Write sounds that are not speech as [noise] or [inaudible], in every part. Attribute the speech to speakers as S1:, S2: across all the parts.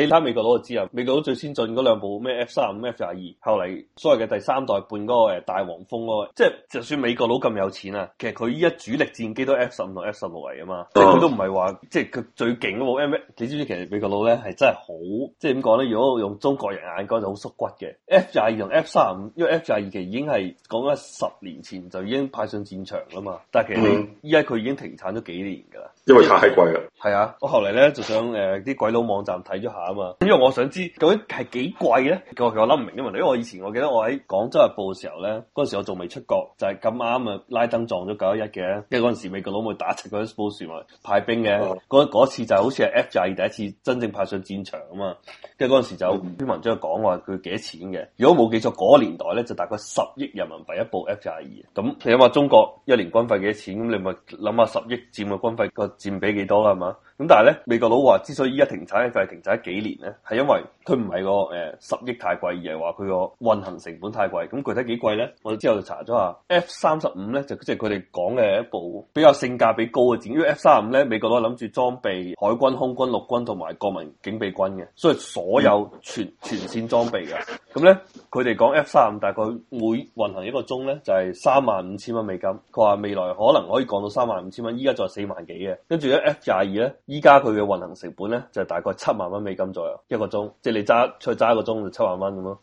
S1: 你睇美國佬就知啊。美國佬最先進嗰兩部咩 F 三五、F 廿二，後嚟所謂嘅第三代半嗰個大黃蜂咯，即係就算美國佬咁有錢啊，其實佢依家主力戰機都 F 十五同 F 十六嚟啊嘛，即係佢都唔係話即係佢最勁嗰部 M 咩？你知唔知其實美國佬咧係真係好，即係點講咧？如果用中國人眼光就好縮骨嘅 F 廿二同 F 三五，因為 F 廿二其實已經係講緊十年前就已經派上戰場啦嘛，但係其實依家佢已經停產咗幾年噶啦，因為太貴啦。係啊，我後嚟咧就想誒啲、呃、鬼佬網站睇咗下。因為我想知究竟係幾貴咧？其實我諗唔明，因為我以前我記得我喺廣州日報嘅時候咧，嗰陣時我仲未出國，就係咁啱啊！拉登撞咗九一一嘅，跟住嗰陣時美國佬咪打出嗰啲部署嚟派兵嘅，嗰次就好似係 F22 第一次真正派上戰場啊嘛。跟住嗰陣時就篇文章講話佢幾多錢嘅，如果冇記錯嗰、那個、年代咧就大概十億人民幣一部 F22，咁你諗下中國一年軍費幾多錢？咁你咪諗下十億佔嘅軍費個佔比幾多啦？係嘛？咁但係咧美國佬話之所以依家停產就係停產幾年咧，係因為佢唔係個誒、呃、十億太貴，而係話佢個運行成本太貴。咁具體幾貴咧？我哋之後就查咗下 F 三十五，咧就即係佢哋講嘅一部比較性價比高嘅戰機。因為 F 三十五咧，美國都諗住裝備海軍、空軍、陸軍同埋國民警備軍嘅，所以所有全、嗯、全綫裝備嘅。咁咧，佢哋講 F 三十五大概每運行一個鐘咧就係、是、三萬五千蚊美金。佢話未來可能可以降到三萬五千蚊，依家就係四萬幾嘅。跟住咧，F 廿二咧，依家佢嘅運行成本咧就係、是、大概七萬蚊美金。一個鐘，即係你揸出去揸一個鐘就七萬蚊咁咯。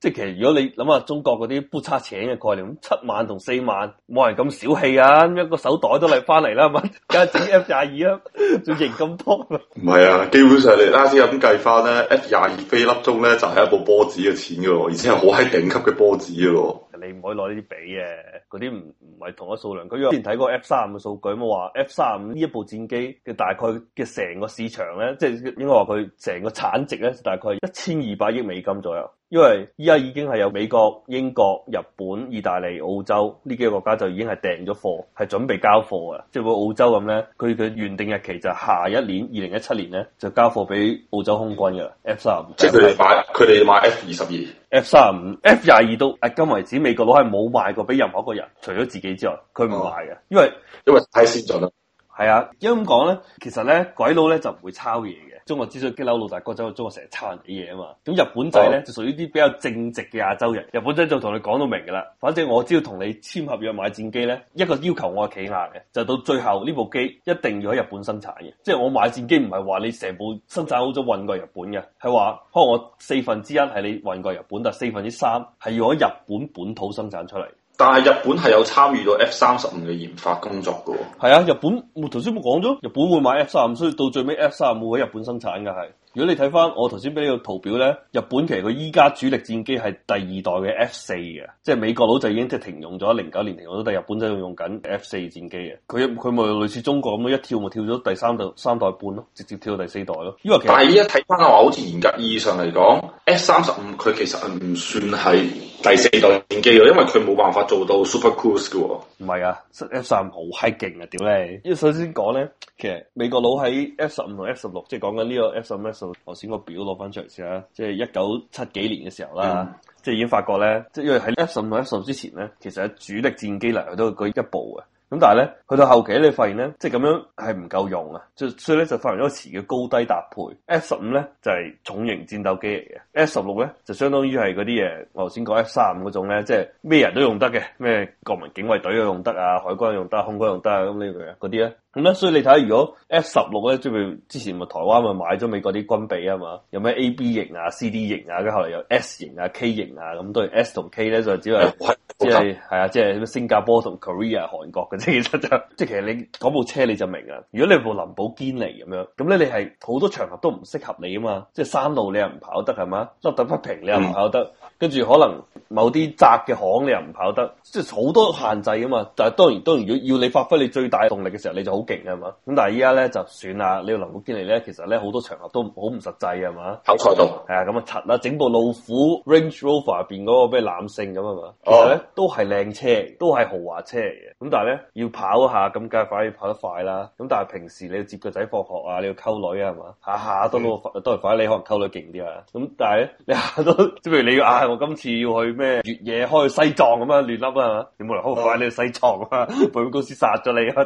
S1: 即係其實如果你諗下中國嗰啲不差錢嘅概念，七萬同四萬冇人咁小氣啊！一個手袋都嚟翻嚟啦，係咪？而家整 F 廿二啊，仲型咁多？
S2: 唔係啊，基本上你啱
S1: 先咁計翻咧，F 廿二飛粒鐘咧就係一個波子嘅錢噶，而且係好喺頂級嘅波子噶。你唔可以攞呢啲比嘅，嗰啲唔唔係同一數量。佢之前睇過 F 三五嘅數據，咁話 F 三五呢一部戰機嘅大概嘅成個市場咧，即係應該話佢成個產值咧，大概係一千二百億美金左右。因為依家已經係有美國、英國、日本、意大利、澳洲呢幾個國家就已經係訂咗貨，係準備交貨嘅。即係個澳洲咁咧，佢嘅原定日期就下一年二零一七年咧就交貨俾澳洲空軍嘅 F 三十五，即係佢哋買，佢哋買 F 二十二、F 三十五、35, F 廿二都。誒，今為止美國佬係冇賣過俾任何一個人，除咗自己之外，佢唔賣嘅，嗯、因為因為太先進啦。係啊，因為咁講咧，其實咧，鬼佬咧就唔會抄嘢嘅。中國之所以激嬲老大哥，就因為中國成日抄人哋嘢啊嘛。咁日本仔咧、哦、就屬於啲比較正直嘅亞洲人。日本仔就同你講到明㗎啦。反正我只要同你簽合約買戰機咧，一個要求我係企硬嘅，就是、到最後呢部機一定要喺日本生產嘅。即係我買戰機唔係話你成部生產好咗運過日本嘅，係話可能我四分之一係你運過日本，但四分之三係要喺日本本土生產出嚟。
S2: 但係日本係有參與到 F 三十五嘅研發工
S1: 作㗎喎。係啊，日本我頭先冇講咗，日本會買 F 三十五，所以到最尾 F 三十五會喺日本生產㗎係。如果你睇翻我頭先俾你個圖表咧，日本其實佢依家主力戰機係第二代嘅 F 四嘅，即係美國佬就已經即係停用咗零九年停用咗，但日本仔仲用緊 F 四戰機嘅。佢佢咪類似中國咁樣一跳咪跳咗第三代三代半咯，直接跳到第四代咯。因為其實但係依家
S2: 睇翻嘅話，好似嚴格意義上嚟講，F 三十五佢其實唔算係第四代戰機咯，因為佢冇辦法做到 super cruise 嘅喎。唔
S1: 係啊，F 三十五好嗨勁啊，屌你！因為首先講咧，其實美國佬喺 F 十五同 F 十六，16, 即係講緊呢個 F 十五。15, 頭先個表攞翻出嚟先啦，即係一九七幾年嘅時候啦，嗯、即係已經發覺咧，即係喺 F 十五、F 十之前咧，其實主力戰機嚟，佢都係舉一部嘅。咁但係咧，去到後期你發現咧，即係咁樣係唔夠用啊，所以咧就發明咗個詞叫高低搭配。F 十五咧就係、是、重型戰鬥機嚟嘅，F 十六咧就相當於係嗰啲嘢，我頭先講 F 三五嗰種咧，即係咩人都用得嘅，咩國民警衛隊用得啊，海軍用得，啊，空軍用得啊，咁呢樣嘢啲咧。咁咧，所以你睇下，如果 F 十六咧，即譬如之前咪台灣咪買咗美國啲軍備啊嘛，有咩 A、B 型啊、C、D 型啊，跟住後嚟有 S 型啊、K 型啊，咁都係 S 同 K 咧就只係即係係啊，即係咩新加坡同 Korea 韓國嘅啫，其實就是、即係其實你嗰部車你就明啊，如果你部林寶堅尼咁樣，咁咧你係好多場合都唔適合你啊嘛，即係山路你又唔跑得係嘛，凹凸不平你又唔跑得，跟住、嗯、可能某啲窄嘅巷你又唔跑得，即係好多限制啊嘛，但係當然當然，如果要你發揮你最大動力嘅時候，你就好。勁啊嘛，咁但係依家咧就算啦。你林寶堅尼咧，其實咧好多場合都好唔實際啊嘛。好彩到係啊，咁啊柒啦，整部路虎 Range Rover 入邊嗰個咩男性咁啊嘛，哦、其實咧都係靚車，都係豪華車嚟嘅。咁但係咧要跑下咁梗係，快，要跑得快啦。咁但係平時你要接個仔放學啊，你要溝女啊嘛，下下都都反而、嗯、你可能溝女勁啲啊。咁但係咧，你下都即係譬如你要啊，我今次要去咩越野開去西藏咁啊，亂笠啦係嘛，你冇快，你去西藏啊，保險公司殺咗你啊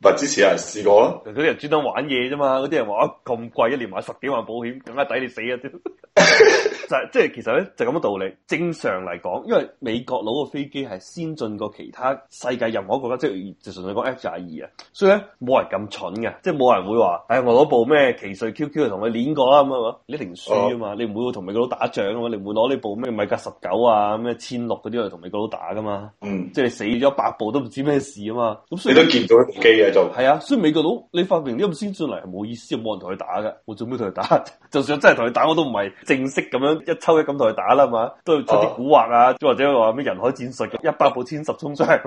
S1: 唔係之前有人試過咯，嗰啲人專登玩嘢啫嘛，嗰啲人話咁貴，一年買十幾萬保險，更加抵你死啊！ [laughs] 就即係其實咧就咁嘅道理。正常嚟講，因為美國佬嘅飛機係先進過其他世界任何國家，即係就純粹講 F 廿二啊。所以咧冇人咁蠢嘅，即係冇人會話，哎，我攞部咩奇瑞 QQ 去同佢練過啦。咁啊，你一定輸啊嘛。你唔會同美國佬打仗啊嘛，你唔會攞呢部咩米格十九啊咩千六嗰啲嚟同美國佬打噶嘛。嗯，即係你死咗八部都唔知咩事啊嘛。咁所以都見到一部機嘅就係啊，所以美國佬你發明呢咁先進嚟係冇意思，冇人同佢打噶。我做咩同佢打？ [laughs] 就算我真係同佢打，我都唔係識咁樣一抽一咁同佢打啦嘛，都要出啲蠱惑啊，或者話咩人海戰術，一百步千十衝槍，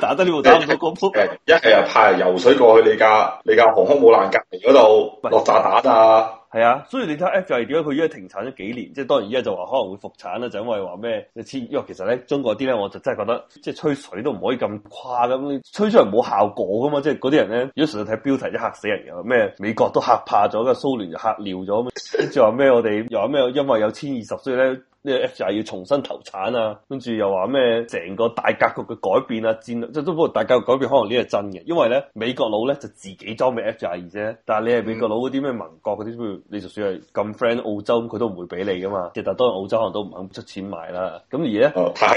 S1: 打得呢部打唔到功夫，
S2: 一係又派人游水過去你架，你架航空母艦隔籬嗰度落炸彈啊！
S1: 係啊，所以你睇下 F.I. 點解佢依家停產咗幾年？即係當然依家就話可能會復產啦，就因為話咩？千因為其實咧，中國啲咧，我就真係覺得即係吹水都唔可以咁誇咁，你吹出嚟冇效果噶嘛。即係嗰啲人咧，如果成日睇標題，一嚇死人又咩？美國都嚇怕咗，個蘇聯就嚇尿咗，咁仲話咩？我哋又話咩？因為有殲二十，所以咧。呢個 F22 要重新投產啊，跟住又話咩成個大格局嘅改變啊，戰略即都不過大格局改變，可能呢個真嘅，因為咧美國佬咧就自己裝俾 F22 啫，但係你係美國佬嗰啲咩盟國嗰啲，譬如你就算係咁 friend 澳洲，佢都唔會俾你噶嘛，亦都當然澳洲可能都唔肯出錢買啦。咁而咧，係、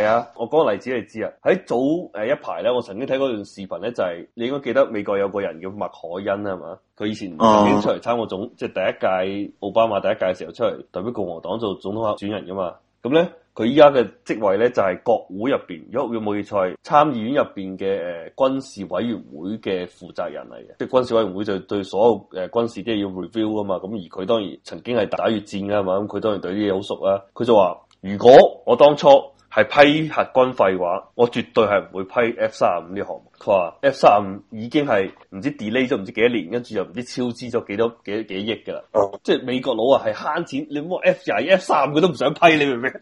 S1: 嗯、啊，我講個例子你知啊，喺早誒一排咧，我曾經睇過段視頻咧，就係、是、你應該記得美國有個人叫麥凱恩啊嘛，佢以前出嚟參過總，嗯、即係第一屆奧巴馬第一屆嘅時候出嚟代表共和黨做總統候選人噶嘛。咁咧，佢依家嘅職位咧就係、是、國會入邊，如果佢冇意賽，參議院入邊嘅誒軍事委員會嘅負責人嚟嘅，即係軍事委員會就對所有誒、呃、軍事啲嘢要 review 啊嘛。咁而佢當然曾經係打越戰啊嘛，咁佢當然對啲嘢好熟啦、啊。佢就話：如果我當初係批核軍費嘅話，我絕對係唔會批 F 三十五呢個項目。錯啊！F35 已經係唔知 delay 咗唔知，幾，知幾多年，跟住又唔知超支咗幾多幾幾億噶啦。啊、即係美國佬啊，係慳錢，你摸 F 廿 F35 佢都唔想批你，你明唔明？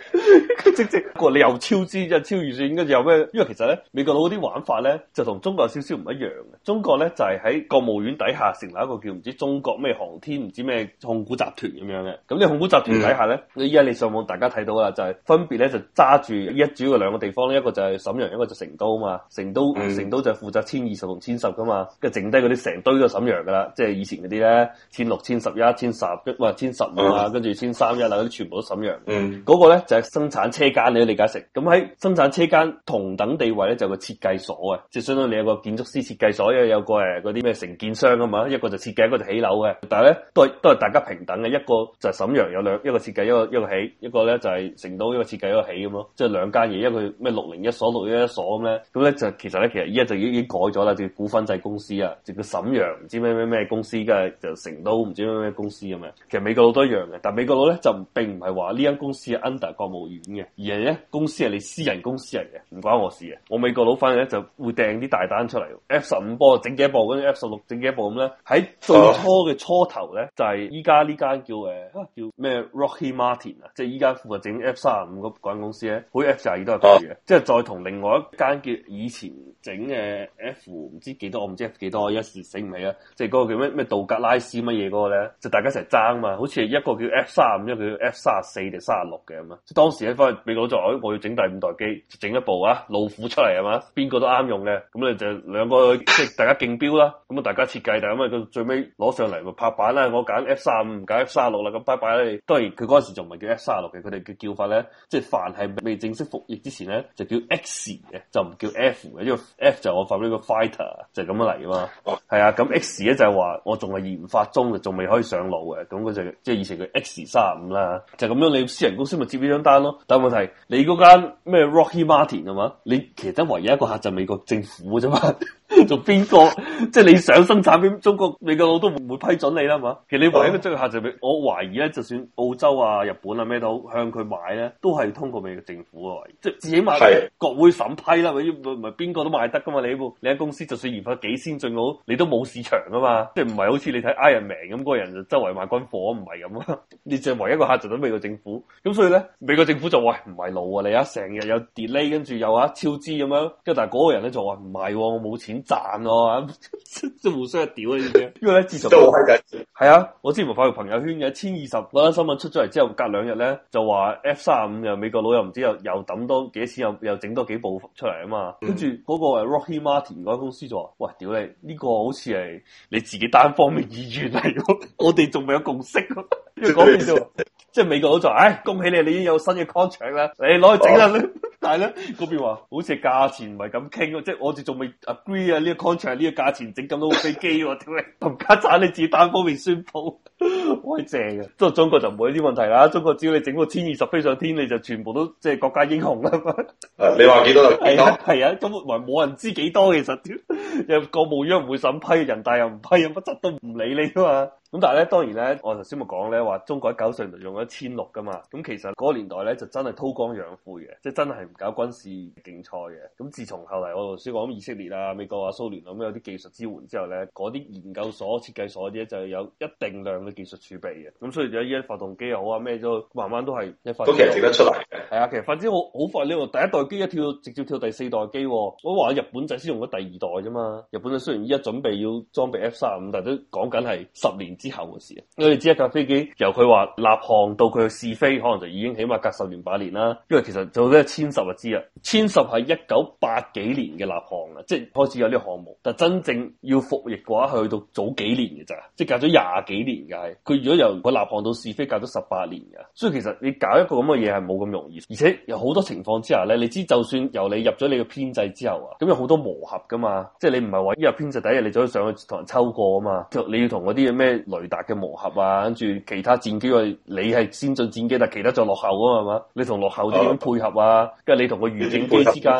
S1: 直直個你又超支，即係超預算，跟住又咩？因為其實咧，美國佬嗰啲玩法咧就同中國有少少唔一樣嘅。中國咧就係、是、喺國務院底下成立一個叫唔知中國咩航天唔知咩控股集團咁樣嘅。咁呢控股集團底下咧，你依家你上網大家睇到啦，就係、是、分別咧就揸住一主要兩個地方咧，一個就係瀋陽，一個就成都啊嘛，嘛。成都，嗯、成都就是。負責殲二十同殲十㗎嘛，跟住剩低嗰啲成堆都沈陽㗎喇，即係以前嗰啲咧，殲六、嗯、殲十、一、殲十，哇，殲十五啊，跟住殲三一啊，嗰啲全部都沈陽。嗯，嗰個咧就係、是、生產車間你嘅理解成。咁喺生產車間同等地位咧就個設計所啊。即係相當你有個建築師設計所，因為有個誒嗰啲咩承建商啊嘛，一個就設計，一個起樓嘅。但係咧都係都係大家平等嘅，一個就沈陽有兩，一個設計，一個一個起，一個咧就係成都一個設計一個起咁咯，即係兩間嘢，一個咩六零一所，六一一所咁咧，咁咧就其實咧其實一。就已經改咗啦，叫股份制公司啊，就叫沈陽唔知咩咩咩公司，即係就成都唔知咩咩公司咁樣。其實美國佬都一樣嘅，但美國佬咧就並唔係話呢間公司係 under 國務院嘅，而係咧公司係你私人公司嚟嘅，唔關我事嘅。我美國佬反而咧就會訂啲大單出嚟，F 十五波整幾多部，跟 F 十六整幾多部咁咧。喺最初嘅初頭咧，就係依家呢間叫誒、啊、叫咩 Rocky Martin 啊，即係依家負責整 F 三十五嗰間公司咧，好 F 廿二都係佢嘅，啊、即係再同另外一間叫以前整嘅。誒，F 唔知幾多，我唔知 F 幾多，一時醒唔起啊！即係嗰個叫咩咩道格拉斯乜嘢嗰個咧，就大家成日爭嘛，好似係一個叫 F 三五，一個叫 F 三十四定三十六嘅咁啊！即係當時咧，翻去美國就，我要整第五代機，整一部啊，老虎出嚟啊嘛，邊、嗯、個都啱用嘅，咁、嗯、你就兩個即係 [coughs] 大家競標啦，咁、嗯、啊大家設計，但係咁啊到最尾攞上嚟咪拍板啦，我揀 F 三五，揀 F 三十六啦，咁拜拜啦！當然佢嗰時仲唔係叫 F 三十六嘅，佢哋嘅叫法咧，即係凡係未正式服役之前咧，就叫 X 嘅，就唔叫 F 嘅，因為 F 就。我發俾個 fighter 就係咁樣嚟，噶嘛，係啊，咁 X 咧就係話我仲係研發中，仲未可以上路嘅。咁佢就即係以前嘅 X 三五啦，就咁樣你私人公司咪接呢張單咯？但係問題你嗰間咩 Rocky Martin 啊嘛，你其實得唯一一個客就係美國政府嘅啫嘛。做邊個？即係你想生產俾中國，美國佬都唔會批准你啦嘛。其實你唯一,一個個客就係我懷疑咧，就算澳洲啊、日本啊咩都好，向佢買咧，都係通過美國政府、啊，即係自己買國會審批啦，咪邊個都買得噶嘛。你部你間公司就算研發幾先進，好，你都冇市場噶嘛。即係唔係好似你睇 Iron Man 咁，嗰個人就周圍賣軍火唔係咁啊。 [laughs] 你最唯一,一個客就等美國政府，咁所以咧，美國政府就話喂唔係路啊你啊，成日有 delay，跟住又話超支咁樣，跟住但係嗰個人咧就話唔係，我冇錢。賺咯，即係互相屌啊！呢啲，因為咧，至少都係啊！我之前咪發條朋友圈嘅，千二十嗰單新聞出咗嚟之後，隔兩日咧就話 F 三五又美國佬又唔知又又揼多幾多錢，又又整多幾部出嚟啊嘛！跟住嗰個係 Rocky Martin 嗰間公司就話：，喂，屌你！呢個好似係你自己單方面意願嚟， [laughs] 我哋仲未有共識、啊。跟住講完就話， [laughs] 即係美國佬就話：，唉、哎，恭喜你，你已經有新嘅 contract 啦！你攞去整啦！ [laughs] [laughs] 但係咧，嗰邊話好似價錢唔係咁傾咯，即係我哋仲未 agree 啊呢，這個 contract 呢個價錢整咁多飛機，啊，同家賺你自己單方面宣布，好正啊！嘅。都中國就冇呢啲問題啦，中國只要你整個千二十飛上天，你就全部都即係，就是，國家英雄啦嘛。你話幾多？係 [laughs] [laughs] 啊，係啊，咁埋冇人知幾多，其實屌又國務院唔會審批，人大又唔批，乜執都唔理你噶嘛。咁但係咧，當然咧，我頭先咪講咧話，中國喺九上用咗千六噶嘛。咁其實嗰個年代咧，就真係韜光養晦嘅，即係真係唔搞軍事競賽嘅。咁自從後嚟我頭先講以色列啊、美國啊、蘇聯咁、啊、樣、嗯、有啲技術支援之後咧，嗰啲研究所、設計所啲就有一定量嘅技術儲備嘅。咁所以而家依啲發動機又好啊，咩都慢慢都係一發都其實整得出嚟。係啊，其實發展好好快，呢個第一代機一跳直接跳第四代機。我話日本仔先用咗第二代啫嘛。日本仔雖然依家準備要裝備 F 三五，但係都講緊係十年。之後嘅事啊，你哋知一架飛機由佢話立項到佢去試飛，可能就已經起碼隔十年八年啦。因為其實做咗殲十就知啦，殲十係一九八幾年嘅立項啊，即係開始有啲項目。但真正要服役嘅話，去到早幾年嘅咋，即係隔咗廿幾年嘅係。佢如果由佢立項到試飛，隔咗十八年嘅。所以其實你搞一個咁嘅嘢係冇咁容易，而且有好多情況之下咧，你知就算由你入咗你嘅編制之後啊，咁有好多磨合噶嘛，即係你唔係話一入編制，第一日你就可以上去同人抽過啊嘛，你要同嗰啲咩？雷達嘅磨合啊，跟住其他戰機啊，你係先進戰機，但係其他就落後啊嘛，你同落後點樣配合啊，啊跟住你同個預警機之間，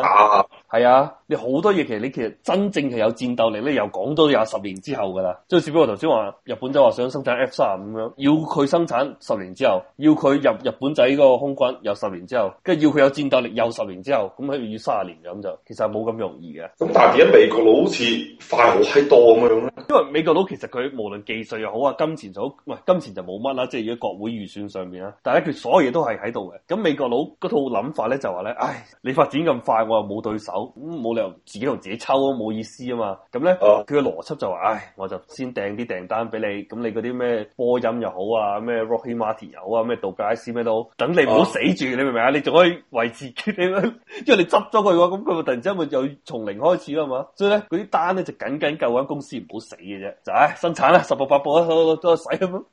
S1: 係啊，你好多嘢其實你其實真正係有戰鬥力咧，又講多廿十年之後噶啦。即係，除非我頭先話日本仔話想生產 F 三十五咁樣，35, 要佢生產十年之後，要佢入日本仔個空軍，又十年之後，跟住要佢有戰鬥力又十年之後，咁喺度要卅年咁就，其實冇咁容易嘅。咁但係點解美國佬好似快好閪多咁樣咧？因為美國佬其實佢無論技術又好，話金錢就唔係金錢就冇乜啦，即係如果國會預算上面啦，但係佢所有嘢都係喺度嘅。咁美國佬嗰套諗法咧就話咧，唉，你發展咁快，我又冇對手，咁冇理由自己同自己抽，冇意思啊嘛。咁咧佢嘅邏輯就話，唉，我就先訂啲訂單俾你，咁你嗰啲咩波音又好，好，好啊，咩 Rocky Martin 又好啊，咩杜嘉詩咩都，等你唔好死住，你明唔明啊？你仲可以為自己， [laughs] 因為你執咗佢嘅話，咁佢突然之間咪又從零開始啊嘛。所以咧嗰啲單咧就僅僅夠間公司唔好死嘅啫，就係生產啦，十部八部都都使咁咯。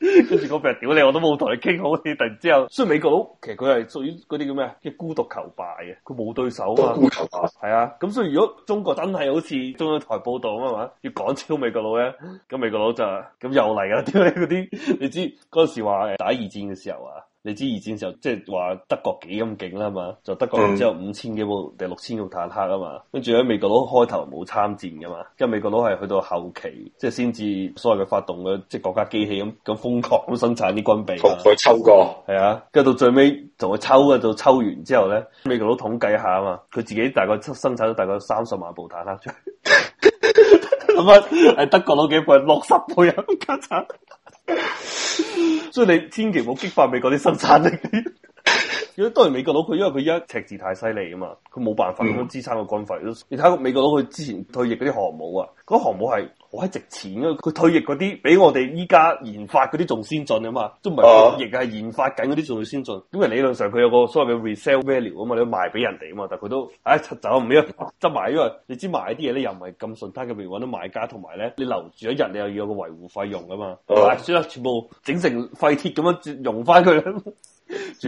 S1: 跟住嗰日屌你，我都冇同你傾好。你突然之後所以美國佬，其實佢係屬於嗰啲叫咩啊？叫孤獨求敗啊！佢冇對手啊，孤獨求敗係啊。咁所以如果中國真係好似中央台報道咁嘛，要趕超美國佬咧，咁美國佬就咁又嚟啦。屌你嗰啲？ [laughs] 你知嗰陣時話打二戰嘅時候啊？你知二戰時候，即係話德國幾咁勁啦嘛，就德國只有五千幾部定六千個坦克啊嘛，跟住喺美國佬開頭冇參戰噶嘛，咁美國佬係去到後期，即係先至所謂嘅發動嘅即係國家機器咁，咁瘋狂咁生產啲軍備，佢抽過係啊，跟住到最尾就去抽嘅，到抽完之後咧，美國佬統計下啊嘛，佢自己大概生產咗大概三十萬部坦克出嚟，咁啊係德國佬幾部六十倍啊，家陣。 [laughs] [laughs] 所以你千祈唔好激發美國啲生產力。如果當然美國佬佢因為佢一赤字太犀利啊嘛，佢冇辦法咁樣支撐個軍費都。嗯、你睇美國佬佢之前退役嗰啲航母啊，嗰、嗰個，航母係。好閪值錢啊！佢退役嗰啲比我哋依家研發嗰啲仲先進啊嘛，都唔係退役啊，係研發緊嗰啲仲要先進。咁啊理論上佢有個所謂嘅 re-sale value 啊嘛，你賣俾人哋啊嘛，但佢都唉、哎、走唔甩，執埋因為你知賣啲嘢咧又唔係咁順，譬如揾到買家，同埋咧你留住咗人，你又要有個維護費用啊嘛，唔係、啊、算啦，全部整成廢鐵咁樣用翻佢。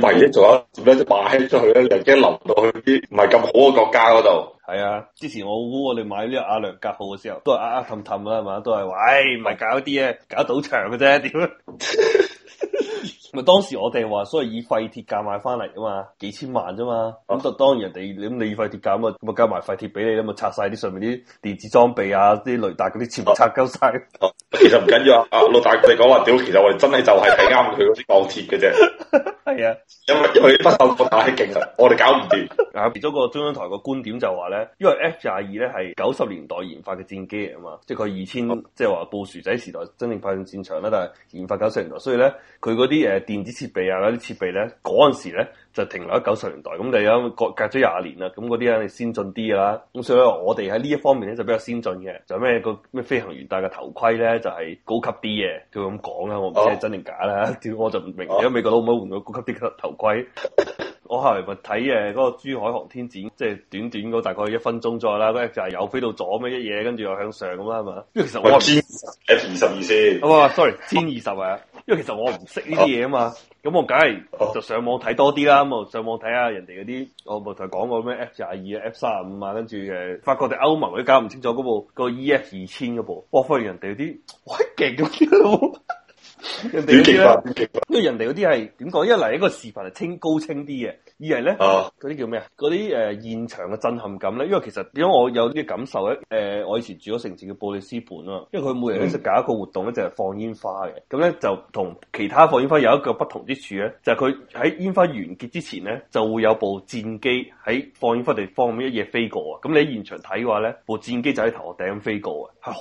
S1: 或者做
S2: 一做一就賣出去咧，又驚流到去啲唔係咁好嘅國家嗰度。
S1: 係啊，之前我估我哋買呢個阿良格號嘅時候，都係呃呃氹氹啊，係嘛，都係話，唉，唔係搞啲嘢，搞賭場嘅啫，點樣？ [laughs] 咪當時我哋話，所以以廢鐵價買翻嚟啊嘛，幾千萬啫嘛，咁就當然人哋你以廢鐵廢鐵你廢鐵價咁啊，咁啊交埋廢鐵俾你啦，咪拆晒啲上面啲電子裝備啊，啲雷達嗰啲全部拆鳩晒。其實唔緊要緊啊，阿、
S2: 啊、老大你講話屌，其實我哋真係就係睇啱佢嗰啲鋼鐵嘅啫。係啊因，因為佢為啲不鏽鋼太勁
S1: 啊。我哋搞唔掂。嗱，其中個中央台個觀點就話咧，因為 F 二十二咧係九十年代研發嘅戰機啊嘛，即係佢二千，即係話布殊仔時代真正派上戰場啦，但係研發夠成咗，所以咧佢嗰啲誒。電子設備啊，嗰啲設備咧，嗰陣時咧就停留喺九十年代，咁就有隔隔咗廿年那那啦，咁嗰啲咧先進啲啦，咁所以我哋喺呢一方面咧就比較先進嘅，就咩個咩飛行員戴嘅頭盔咧就係、是、高級啲嘅，佢咁講啦，我唔知係真定假啦，點、oh. [laughs] 我就唔明，如果、oh. 美國佬唔好換個高級啲頭盔。 [laughs] 我後來咪睇誒嗰個珠海航天展，即係短短嗰大概一分鐘左右啦，嗰啲就係右飛到左咩嘢，跟住又向上咁啦，係嘛？因
S2: 為其實我先 F 二十二先，
S1: 啊，sorry，殲二十啊，因為其實我唔識呢啲嘢啊嘛，咁、啊、我梗係就上網睇多啲啦，咁啊上網睇下人哋嗰啲，我咪同佢講個咩 F 廿二、F 卅五啊，跟住誒，發覺我哋歐盟都搞唔清楚嗰部、嗰個 E F 二千嗰部，我發現人哋啲好勁嘅車。點奇怪？因為人哋嗰啲係點講？一嚟一個視頻係清高清啲嘅，二嚟咧，嗰啲叫咩啊？嗰啲誒現場嘅震撼感咧。因為其實因為我有啲感受咧。誒、呃，我以前住咗城市叫布里斯本啊因為佢每日都就搞一個活動咧，嗯、就係放煙花嘅。咁咧就同其他放煙花有一個不同之處咧，就係佢喺煙花完結之前咧，就會有部戰機喺放煙花地方面一夜飛過啊。咁你喺現場睇嘅話咧，部戰機就喺頭殼頂飛過啊，係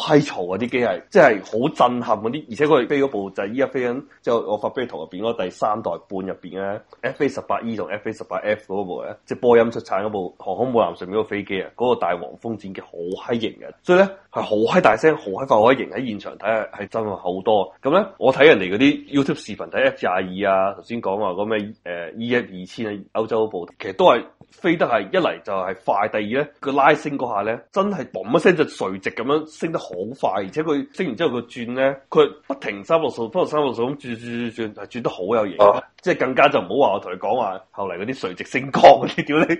S1: 好閪嘈啊！啲機係即係好震撼嗰啲，而且佢哋飛部就係 E 一飛音，A，即係我發飛圖入邊，嗰第三代半入邊咧，F A 十八 E 同 F A 十八 F 嗰部咧，即係波音出產嗰部航空母艦上面嗰個飛機啊，嗰個大黃蜂戰機好嗨型嘅，所以咧係好嗨大聲，好嗨快，好嗨型，喺現場睇下係真係好多。咁咧我睇人哋嗰啲 YouTube 視頻睇 F 廿二啊，頭先講話嗰咩誒 E 一二千啊，歐洲部，其實都係。飛得係一嚟就係快，第二咧個拉升嗰下咧真係嘣一聲就垂直咁樣升得好快，而且佢升完之後佢轉咧，佢不停三六數，不過三六數咁轉轉轉轉，係轉得好有型。啊即係更加就唔好話我同你講話，後嚟嗰啲垂直升降嗰啲叫你，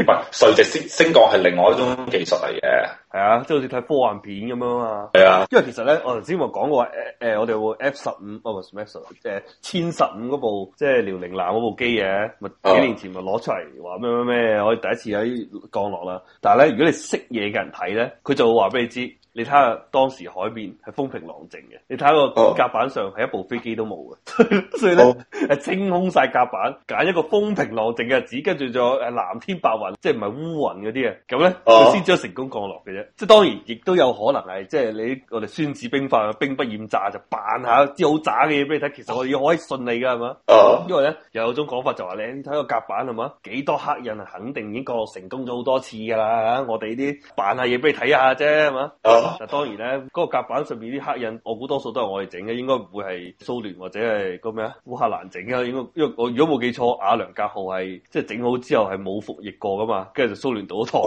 S1: 唔係
S2: 垂直升升降係另外一種技術嚟
S1: 嘅。係啊，即係好似睇科幻片咁樣啊嘛。係啊，因為其實咧，我頭先咪講過誒、呃呃，我哋會 F 十五哦唔係 Smash 誒，殲十五嗰部即係遼寧艦嗰部機嘢，咪幾年前咪攞出嚟話咩咩咩，我哋第一次喺降落啦。但係咧，如果你識嘢嘅人睇咧，佢就會話俾你知。你睇下當時海面係風平浪靜嘅，你睇下個甲板上係一部飛機都冇嘅， [laughs] 所以咧呢、uh. 清空晒甲板，揀一個風平浪靜嘅日子，跟住仲有藍天白雲，即係唔係烏雲嗰啲啊？咁咧佢先將成功降落嘅啫。即係當然亦都有可能係即係你我哋《孫子兵法》兵不厭詐就扮下啲好渣嘅嘢俾你睇，其實我哋可以順利㗎係嘛？Uh. 因為咧又有種講法就話、是、你睇個甲板係嘛幾多黑人係肯定已經降落成功咗好多次㗎啦，我哋呢啲扮下嘢俾你睇下啫係嘛？嗱，當然咧，嗰個甲板上面啲黑印，我估多數都係我哋整嘅，應該唔會係蘇聯或者係個咩啊烏克蘭整嘅，應該因為我如果冇記錯，瓦良格號係即係整好之後係冇服役過噶嘛，跟住就蘇聯倒台，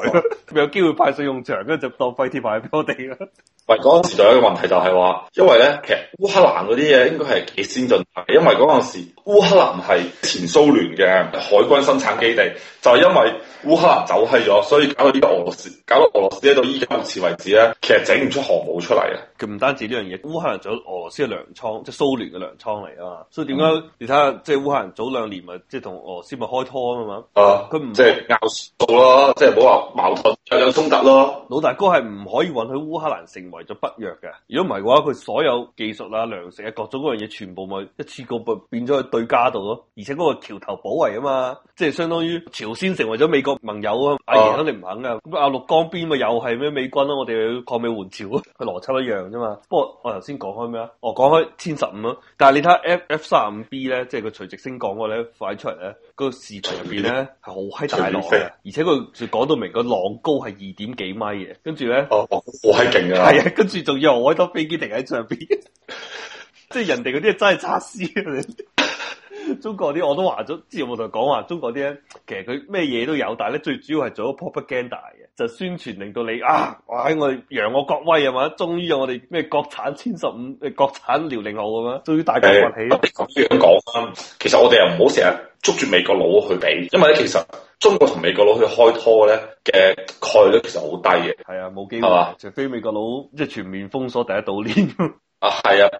S1: 咁有機會派上用場，跟住就當廢鐵賣俾我哋咯。
S2: 喂，嗰陣時仲有一個問題就係話，因為咧其實烏克蘭嗰啲嘢應該係幾先進，因為嗰陣時烏克蘭係前蘇聯嘅海軍生產基地，就係、係、因為烏克蘭走氣咗，所以搞到呢個俄羅斯，搞到俄羅斯咧到依家目前為止咧，其實。整唔出航母出嚟啊！
S1: 佢唔單止呢樣嘢，烏克蘭仲有俄羅斯嘅糧倉，即係蘇聯嘅糧倉嚟啊嘛，所以點解你睇下，即係烏克蘭早兩年咪即係同俄羅斯咪開拖啊嘛？啊，佢唔即係拗撬咯，即係冇話矛盾又有衝突咯。老大哥係唔可以允許烏克蘭成為咗北約嘅，如果唔係嘅話，佢所有技術啊、糧食啊、各種嗰樣嘢，全部咪一次過變咗去對家度咯。而且嗰個橋頭保衛啊嘛，即係相當於朝鮮成為咗美國盟友啊，阿爺肯定唔肯啊。咁啊，鴨綠江邊咪又係咩美軍咯，我哋抗美援朝啊，佢邏輯一樣。啫嘛，不過我頭先講開咩啊？我講開殲十五咯，但係你睇下 F F 三五 B 咧，即係個垂直升降嗰咧，快出嚟咧，嗰個視頻入邊咧，係好閪大浪，而且佢講到明個浪高係二點幾米嘅，跟住咧，哦哦，好閪勁啊，係 [laughs] 啊，跟住仲要我喺度飛機停喺上邊，即 [laughs] 係 [laughs] [laughs] 人哋嗰啲真係差師啊！ [laughs] 中國啲我都話咗，之前我就講話中國啲咧，其實佢咩嘢都有，但係咧最主要係做咗 propaganda 嘅，就宣傳令到你啊，我喺我哋揚我國威係嘛，終於有我哋咩國產殲十五，誒國產遼寧號咁啊，終於大國崛起咁
S2: 的、嗯、樣講啦，其實我哋又唔好成日捉住美國佬去比，因為咧其實中國同美國佬去開拖咧嘅概率，其實好
S1: 低嘅。係啊，冇機會係吧除非美國佬即係全面封鎖第一島鏈。啊，
S2: 係啊。